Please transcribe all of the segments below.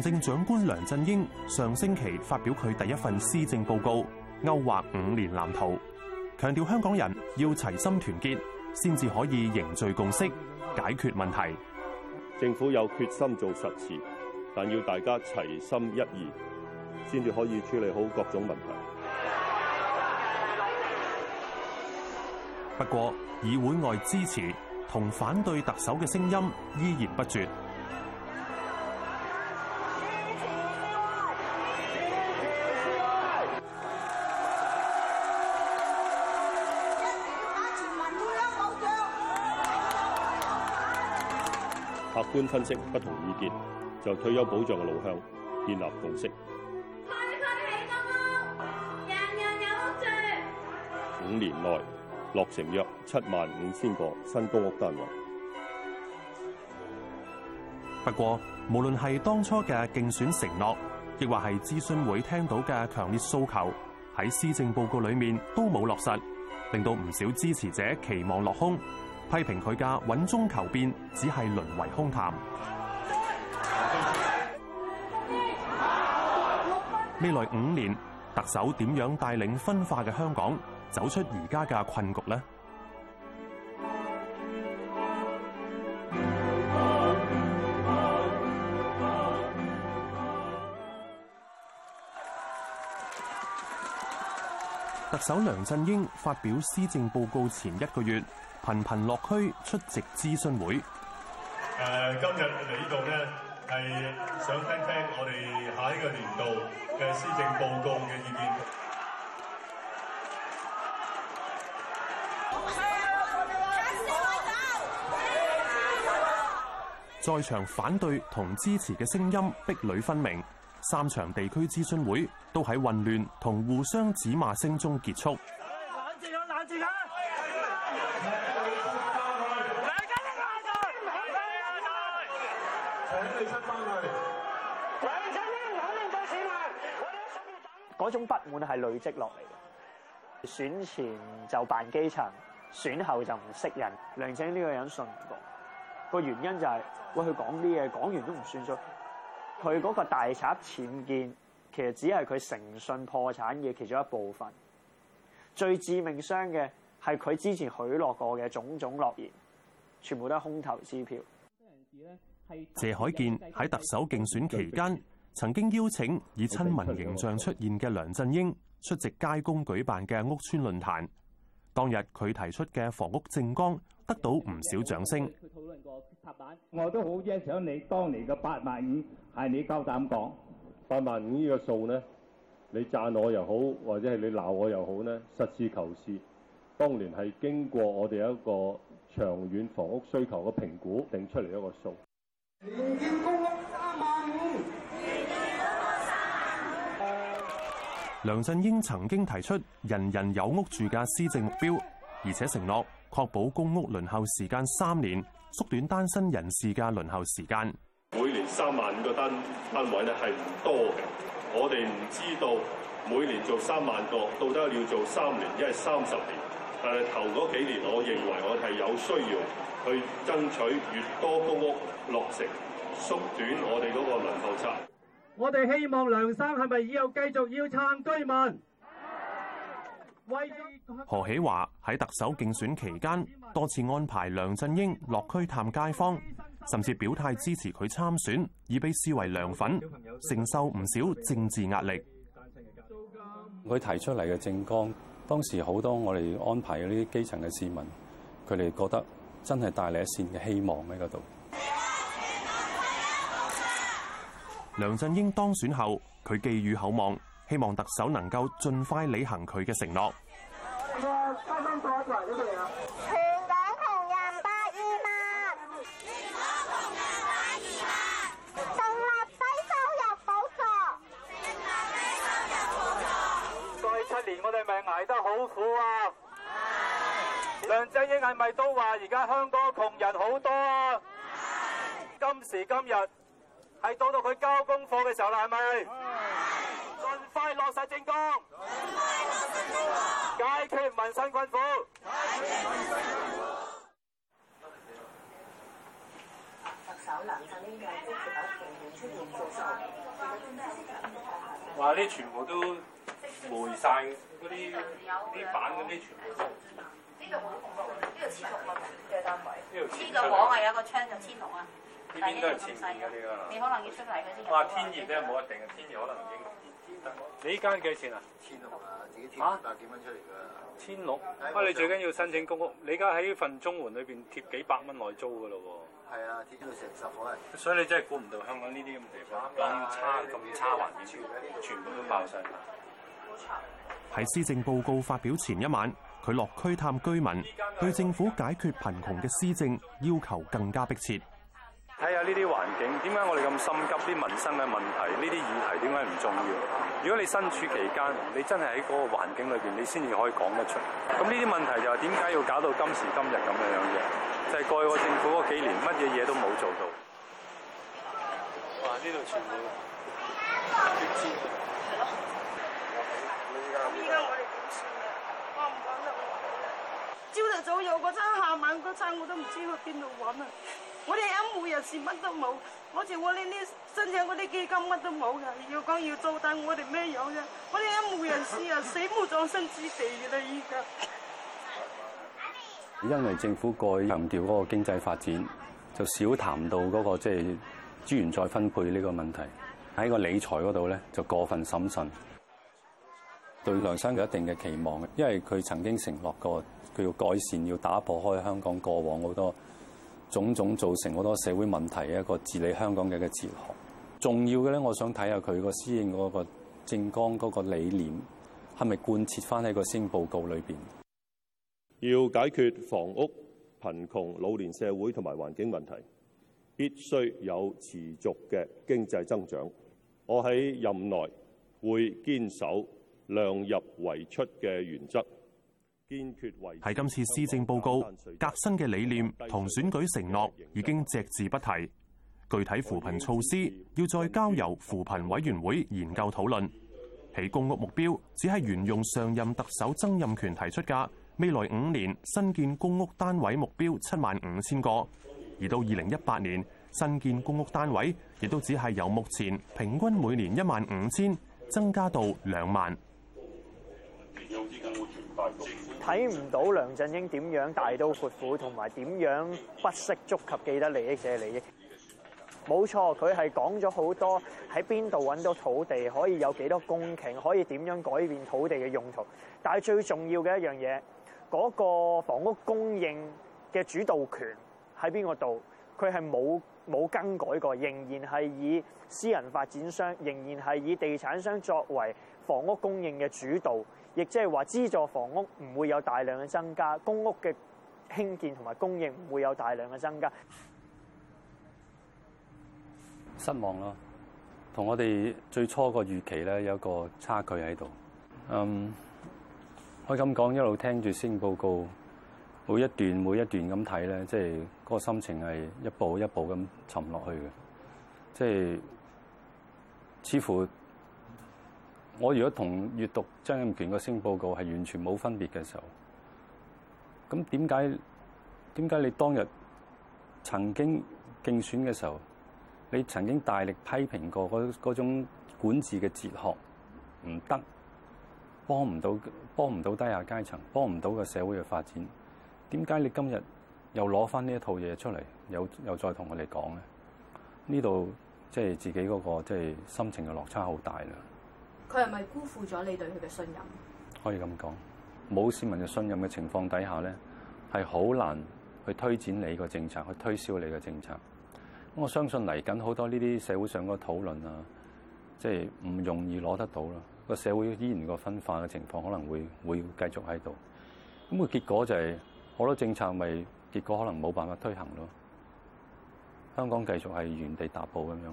行政長官梁振英上星期發表佢第一份施政報告，勾畫五年藍圖，強調香港人要齊心團結，先至可以凝聚共識，解決問題。政府有決心做實事，但要大家齊心一意，先至可以處理好各種問題。加油啊、加油啊、加油啊、不過，議會外支持同反對特首嘅聲音依然不絕。觀分析不同意見，就退休保障嘅路向建立共識。快快起公屋，人人有屋住。五年內落成約七萬五千個新公屋單位。不過，無論係當初嘅競選承諾，亦或係諮詢會聽到嘅強烈訴求，喺施政報告裏面都冇落實，令到唔少支持者期望落空。批評佢嘅穩中求變，只係淪為空談。未來五年，特首點樣帶領分化嘅香港走出而家嘅困局呢？ 特首梁振英發表施政報告前一個月。頻頻落區，出席諮詢會。誒，今日嚟呢度呢，係想聽聽我哋下一個年度嘅施政報告嘅意見。在場反對同支持嘅聲音，壁壘分明。三場地區諮詢會都喺混亂同互相指罵聲中結束。我哋嗰種不滿係累積落嚟嘅，選前就扮基層，選後就唔識人。梁振英呢個人信唔過，個原因就係喂佢講啲嘢講完都唔算數。佢嗰個大宅僭建，其實只係佢誠信破產嘅其中一部分。最致命傷嘅係佢之前許諾過嘅種種諾言，全部都係空頭支票。謝海健喺特首競選期間，曾經邀請以親民形象出現嘅梁振英出席街工舉辦嘅屋村論壇。當日佢提出嘅房屋政綱，得到唔少掌聲。討論過，我都好欣賞你當年嘅八萬五，係你夠膽講八萬五呢個數呢？你讚我又好，或者係你鬧我又好呢？實事求是，當年係經過我哋一個長遠房屋需求嘅評估定出嚟一個數。興建公屋三萬五，興建公屋三。梁振英曾經提出人人有屋住嘅施政目標，而且承諾確保公屋輪候時間三年，縮短單身人士嘅輪候時間。每年三萬五個單單位咧係唔多嘅，我哋唔知道每年做三萬個，到底要做三年，一係三十年。誒頭嗰幾年，我認為我哋係有需要去爭取越多公屋落成，縮短我哋嗰個輪候期。我哋希望梁生係咪以後繼續要撐居民。何喜華喺特首競選期間多次安排梁振英落區探街坊，甚至表態支持佢參選，已被視為梁粉，承受唔少政治壓力。佢提出嚟嘅政綱。當時好多我哋安排嘅呢啲基層嘅市民，佢哋覺得真係帶嚟一線嘅希望喺嗰度。梁振英當選後，佢寄予厚望，希望特首能夠盡快履行佢嘅承諾。我哋咪捱得好苦啊！梁振英係咪都話而家香港窮人好多啊？今時今日係到到佢交功課嘅時候啦，係咪？盡快落實政綱，解決民生困苦。話呢，全部都。換晒，嗰啲啲板嗰啲全部。呢度冇紅木，呢度黐木啊嘛，呢個呢度黐個網啊，有個窗就黐木啊。呢邊都係前面嗰啲你可能要出嚟嗰啲。話天熱啫，冇一定啊，天熱可能唔應唔得。你呢間幾錢啊？千六啊，自己貼八幾蚊出嚟㗎。千六。啊！你最緊要申請公屋，你而家喺份中援裏面貼幾百蚊內租㗎咯喎。係啊，貼到成十房。所以你真係估唔到香港呢啲咁地方咁差咁差環境，全部都爆晒。喺施政報告發表前一晚，佢落區探居民，對政府解決貧窮嘅施政要求更加迫切。睇下呢啲環境，點解我哋咁心急？啲民生嘅問題，呢啲議題點解唔重要？如果你身處其間，你真係喺嗰個環境裏邊，你先至可以講得出。咁呢啲問題就係點解要搞到今時今日咁樣樣嘅？就係、是、過去政府嗰幾年，乜嘢嘢都冇做到。哇！呢度全部我哋點算啊？我唔講得好好知啊！朝頭早有嗰餐，下晚嗰餐我都唔知去邊度揾啊！我哋一無人士，乜都冇，好似我呢啲申請嗰啲基金乜都冇嘅。要講要做但，我哋咩樣啫？我哋一無人士啊，死冇葬身之地嘅啦！依家因為政府過去強調嗰個經濟發展，就少談到嗰個即係資源再分配呢個問題。喺個理財嗰度咧，就過分審慎。對梁生有一定嘅期望，因為佢曾經承諾過，佢要改善、要打破開香港過往好多種種造成好多社會問題嘅一個治理香港嘅一個哲學。重要嘅咧，我想睇下佢個施政嗰個政綱嗰個理念係咪貫徹翻喺個新報告裏邊。要解決房屋貧窮、貧窮老年社會同埋環境問題，必須有持續嘅經濟增長。我喺任內會堅守，量入為出嘅原則，堅決維持，係今次施政報告革新嘅理念同選舉承諾已經隻字不提。具體扶貧措施要再交由扶貧委員會研究討論。起公屋目標只係沿用上任特首曾蔭權提出嘅，未來五年新建公屋單位目標七萬五千個，而到二零一八年新建公屋單位亦都只係由目前平均每年一萬五千增加到兩萬。睇唔到梁振英點樣大刀闊斧，同埋點樣不惜觸及既得利益者利益。冇錯，佢係講咗好多喺邊度搵到土地，可以有幾多公頃可以點樣改變土地嘅用途。但係最重要嘅一樣嘢，嗰個房屋供應嘅主導權喺邊個度？佢係冇冇更改過，仍然係以私人發展商，仍然係以地產商作為房屋供應嘅主導。亦即係話資助房屋唔會有大量嘅增加，公屋嘅興建同埋供應唔會有大量嘅增加。失望咯，同我哋最初個預期咧有一個差距喺度。嗯、um，可以咁講一路聽住先報告，每一段每一段咁睇咧，即係個心情係一步一步咁沉落去嘅，即係似乎。我如果同閱讀曾蔭權嘅施政報告係完全冇分別嘅時候，咁點解點解你當日曾經競選嘅時候，你曾經大力批評過嗰種管治嘅哲學唔得，幫唔到幫唔到低下階層，幫唔到個社會嘅發展？點解你今日又攞翻呢一套嘢出嚟，又又再同我哋講咧？呢度即係自己嗰、那個即係、就是、心情嘅落差好大啦。佢係咪辜負咗你對佢嘅信任？可以咁講，冇市民嘅信任嘅情況底下咧，係好難去推展你個政策，去推銷你嘅政策。我相信嚟緊好多呢啲社會上個討論啊，即係唔容易攞得到咯。個社會依然個分化嘅情況可能會會繼續喺度。咁個結果就係好多政策咪結果可能冇辦法推行咯。香港繼續係原地踏步咁樣。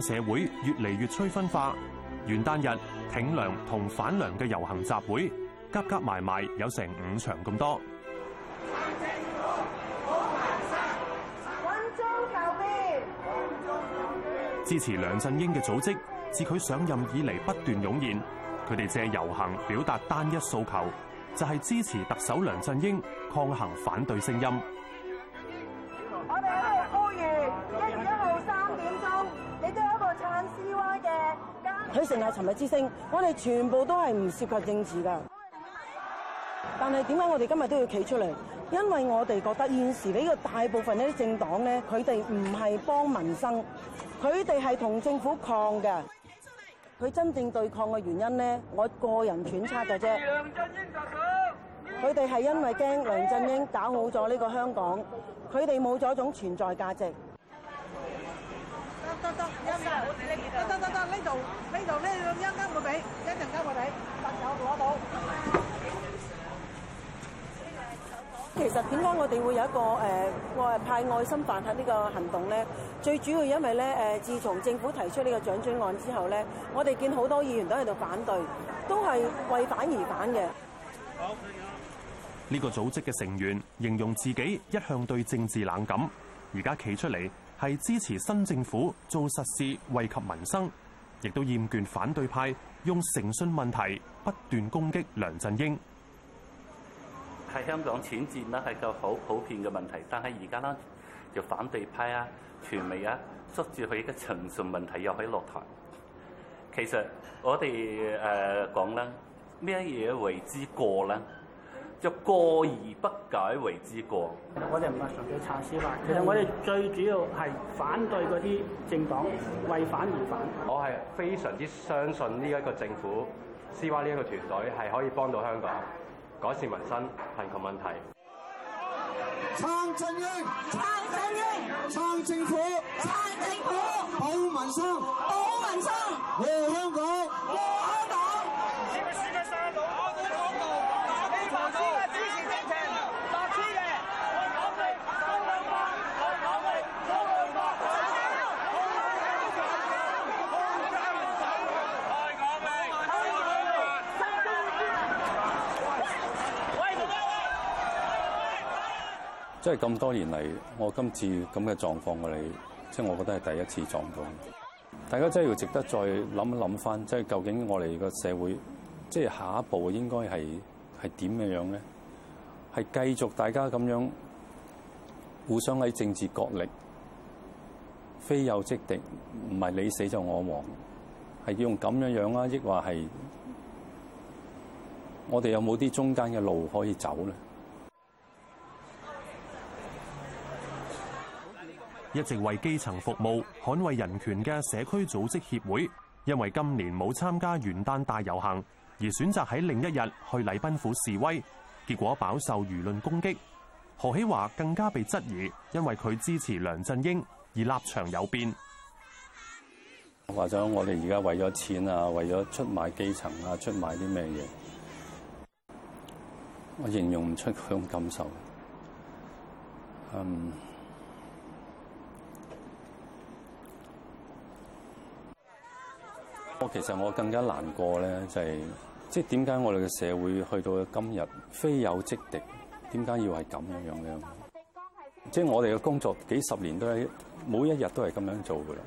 社會越嚟越趨分化，元旦日挺梁同反梁嘅遊行集會，夾夾埋埋，有成五場咁多。支持梁振英嘅組織自佢上任以嚟不斷湧現，佢哋借遊行表達單一訴求，就係，支持特首梁振英抗衡反對聲音。佢成日尋日之星，我哋全部都係唔涉及政治㗎。但係點解我哋今日都要企出嚟？因為我哋覺得現時呢個大部分呢啲政黨咧，佢哋唔係幫民生，佢哋係同政府抗㗎。佢真正對抗嘅原因咧，我個人揣測嘅啫。梁振英就佢哋係因為驚梁振英搞好咗呢個香港，佢哋冇咗一種存在價值。得得得呢度呢度呢度，一陣間會俾，一陣間會俾，把手攞到。其實點解我哋會有一個誒，我派愛心飯喺呢個行動咧？最主要因為咧誒，自從政府提出呢個獎勵案之後咧，我哋見好多議員都喺度反對，都係為反而反嘅。呢個組織嘅成員形容自己一向對政治冷感，而家企出嚟。係支持新政府做實事惠及民生，亦都厭倦反對派用誠信問題不斷攻擊梁振英。喺香港，僭建呢係個好普遍嘅問題，但係而家呢，就反對派啊、傳媒啊，抓住佢嘅誠信問題又可以落台。其實我哋誒講啦，咩嘢為之過呢？就過而不改，謂之過。其實我哋唔係純粹撐 C Y，其實我哋最主要係反對嗰啲政黨為反而反。我係非常之相信呢一個政府 C Y 呢一個團隊係可以幫到香港改善民生貧窮問題。撐政務，撐政務，撐政府，撐政府，保民生，保民生，愛香港。即係咁多年嚟，我今次咁嘅狀況我哋，即係我覺得係第一次撞到。大家真係要值得再諗一諗翻，即係究竟我哋個社會，即係下一步應該係係點嘅樣咧？係繼續大家咁樣互相喺政治角力，非友即敵，唔係你死就我亡，係要用咁樣樣啦，抑或係我哋有冇啲中間嘅路可以走咧？一直為基層服務、捍衛人權嘅社區組織協會，因為今年冇參加元旦大遊行，而選擇喺另一日去禮賓府示威，結果飽受輿論攻擊。何喜華更加被質疑，因為佢支持梁振英，而立場有變。或者我哋而家為咗錢啊，為咗出賣基層啊，出賣啲咩嘢？我形容唔出佢種感受。嗯、um。我其實我更加難過咧，就係即係點解我哋嘅社會去到今日非友即敵，點解要係咁樣樣嘅？即係我哋嘅工作幾十年都係每一日都係咁樣做嘅啦。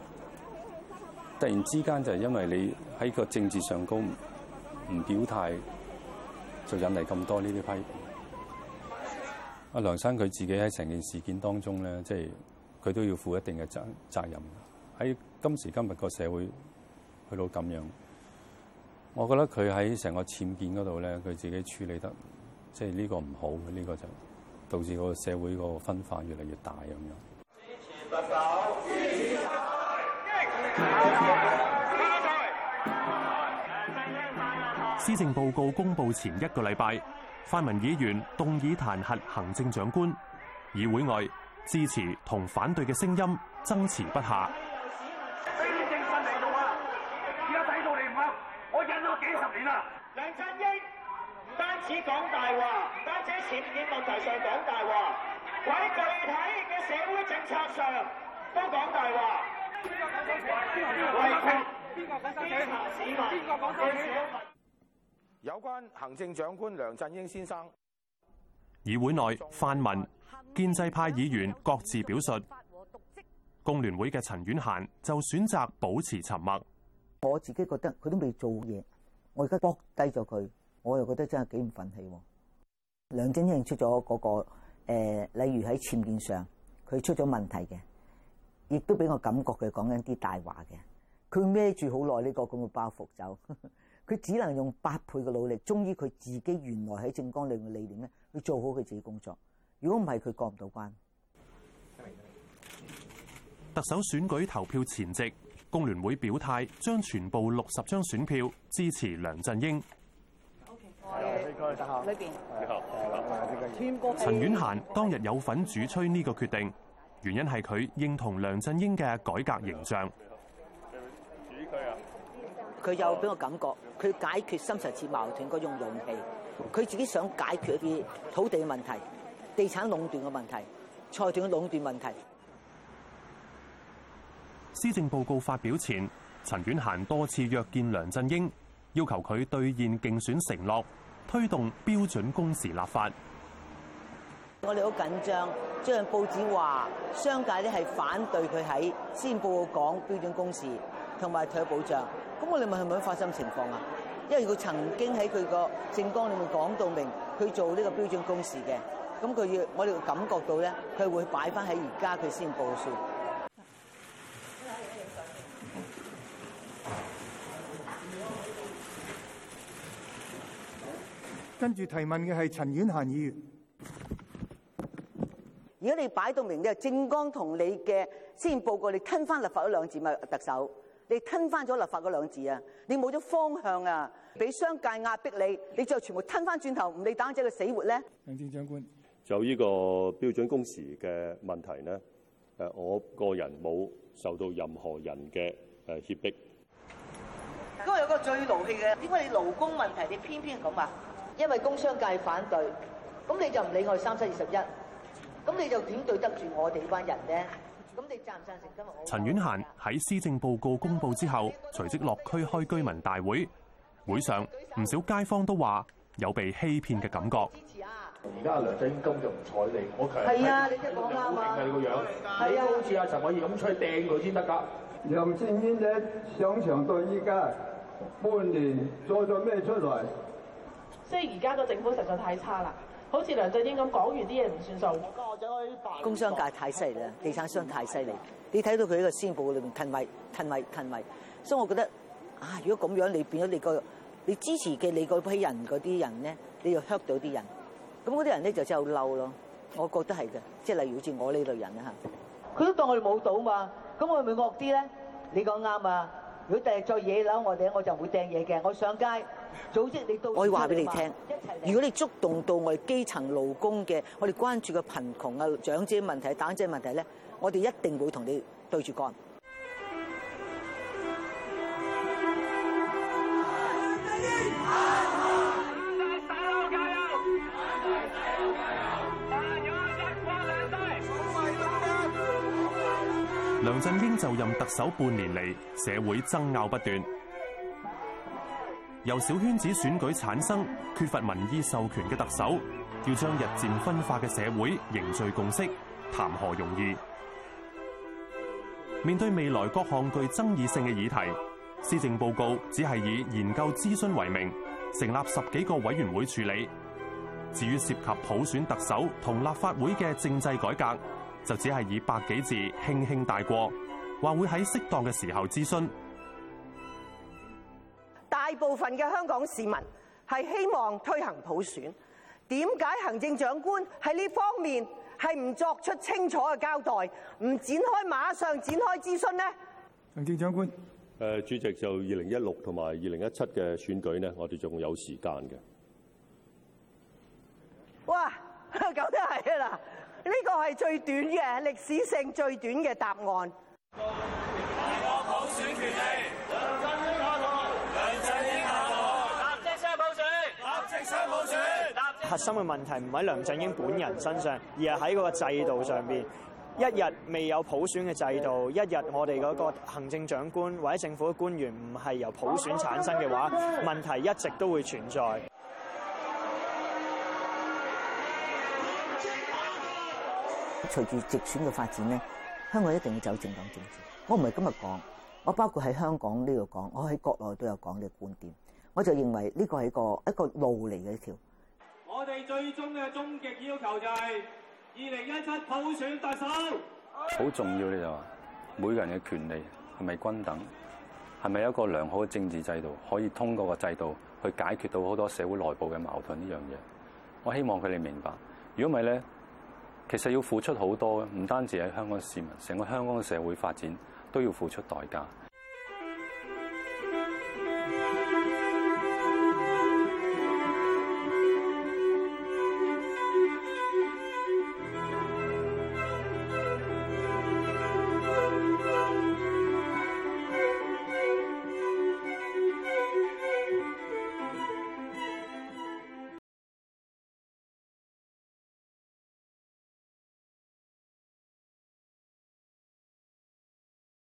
突然之間就係因為你喺個政治上高唔表態，就引嚟咁多呢啲批評。阿梁生佢自己喺成件事件當中咧，即係佢都要負一定嘅責責任。喺今時今日個社會，去到咁樣，我覺得佢喺成個僭建嗰度咧，佢自己處理得即係呢個唔好，呢個就導致個社會個分化越嚟越大咁樣。施政報告公布前一個禮拜，泛民議員動議彈劾行政長官，議會外支持同反對嘅聲音爭持不下。梁振英唔單止講大話，唔單止喺理念問題上講大話，喺具體嘅社會政策上都講大話。邊個講有關行政長官梁振英先生，議會內泛民、建制派議員各自表述，工聯會嘅陳婉嫻就選擇保持沉默。我自己覺得佢都未做嘢。我而家搏低咗佢，我又覺得真係幾唔忿氣喎。梁振英出咗嗰、那個、呃、例如喺僭建上，佢出咗問題嘅，亦都俾我感覺佢講緊啲大話嘅。佢孭住好耐呢個咁嘅包袱走，佢 只能用八倍嘅努力，忠於佢自己原來喺政綱裏嘅理念咧，去做好佢自己的工作。如果唔係，佢過唔到關。特首選舉投票前夕。工聯會表態，將全部六十張選票支持梁振英。陳婉嫻當日有份主催呢個決定，原因係佢認同梁振英嘅改革形象。佢又俾我感覺，佢解決深層次矛盾嗰種勇氣，佢自己想解決一啲土地問題、地產壟斷嘅問題、財團嘅壟斷問題。施政報告發表前，陳婉嫻多次約見梁振英，要求佢兌現競選承諾，推動標準工時立法。我哋好緊張，最近報紙話商界咧係反對佢喺施政報告講標準工時同埋退休保障。咁我哋問係咪發生情況啊？因為佢曾經喺佢個政綱裏面講到明佢做呢個標準工時嘅，咁佢要我哋感覺到咧，佢會擺翻喺而家佢先報算。跟住提問嘅係陳婉嫻議員。如果你擺到明，你係政綱同你嘅先報告，你吞翻立法嗰兩字咪特首，你吞翻咗立法嗰兩字啊？你冇咗方向啊？俾商界壓迫你，你仲要全部吞翻轉頭，唔理打者嘅死活咧？行政長官就呢個標準工時嘅問題咧？誒，我個人冇受到任何人嘅誒脅迫。因為有個最勞氣嘅，點解你勞工問題你偏偏咁啊？因為工商界反對，咁你就唔理我三七二十一，咁你就點對得住我哋呢班人咧？咁你贊唔贊成？陳婉嫻喺施政報告公布之後，隨即落區開居民大會，會上唔少街坊都話有被欺騙嘅感覺。支持啊！而家、啊、梁振英就唔睬你，我強。係啊！你即係講價嘛？好勁啊！你個樣。係啊！好似阿陳偉業咁出去掟佢先得㗎。梁振英咧上場到依家半年，再做咩出來？即係而家個政府實在太差啦，好似梁振英咁講完啲嘢唔算數。工商界太犀利啦，地產商太犀利。你睇到佢呢個宣佈裏邊騰埋，騰埋，騰埋。所以我覺得啊，如果咁樣你變咗你個你支持嘅你嗰批人嗰啲人咧，你要 hurt 到啲人，咁嗰啲人咧就真係好嬲咯。我覺得係嘅，即係例如好似我呢類人啊，嚇。佢都當我哋冇到嘛，咁我係咪惡啲咧？你講啱啊！如果第日再惹嬲我哋，我就會掟嘢嘅。我上街。我告你我要話俾你聽，如果你觸動到我哋基層勞工嘅，我哋關注嘅貧窮啊、長者問題、單親問題咧，我哋一定會同你對住幹。梁振英就任特首半年嚟，社會爭拗不斷。由小圈子選舉產生、缺乏民意授權嘅特首，要將日漸分化嘅社會凝聚共識，談何容易？面對未來各項具爭議性嘅議題，施政報告只係以研究諮詢為名，成立十幾個委員會處理。至於涉及普選特首同立法會嘅政制改革，就只係以百幾字輕輕帶過，話會喺適當嘅時候諮詢。大部分嘅香港市民係希望推行普選，點解行政長官喺呢方面係唔作出清楚嘅交代，唔展開，馬上展開諮詢呢？行政長官，誒、呃，主席，就二零一六同埋二零一七嘅選舉呢，我哋仲有時間嘅。哇，咁都係啊啦，呢個係最短嘅歷史性最短嘅答案。大我普選權利。核心嘅問題唔喺梁振英本人身上，而係喺嗰個制度上邊，一日未有普選嘅制度，一日我哋嗰個行政長官或者政府嘅官員唔係由普選產生嘅話，問題一直都會存在。隨住直選嘅發展咧，香港一定要走政黨政治。我唔係今日講，我包括喺香港呢度講，我喺國內都有講嘅觀點，我就認為呢個係一個一個路嚟嘅一條。我哋最終嘅終極要求就係二零一七普選特首，好重要，你就話，每個人嘅權利係咪均等，係咪有一個良好嘅政治制度，可以通過個制度去解決到好多社會內部嘅矛盾呢樣嘢？我希望佢哋明白，如果唔係咧，其實要付出好多嘅，唔單止係香港市民，成個香港嘅社會發展都要付出代價。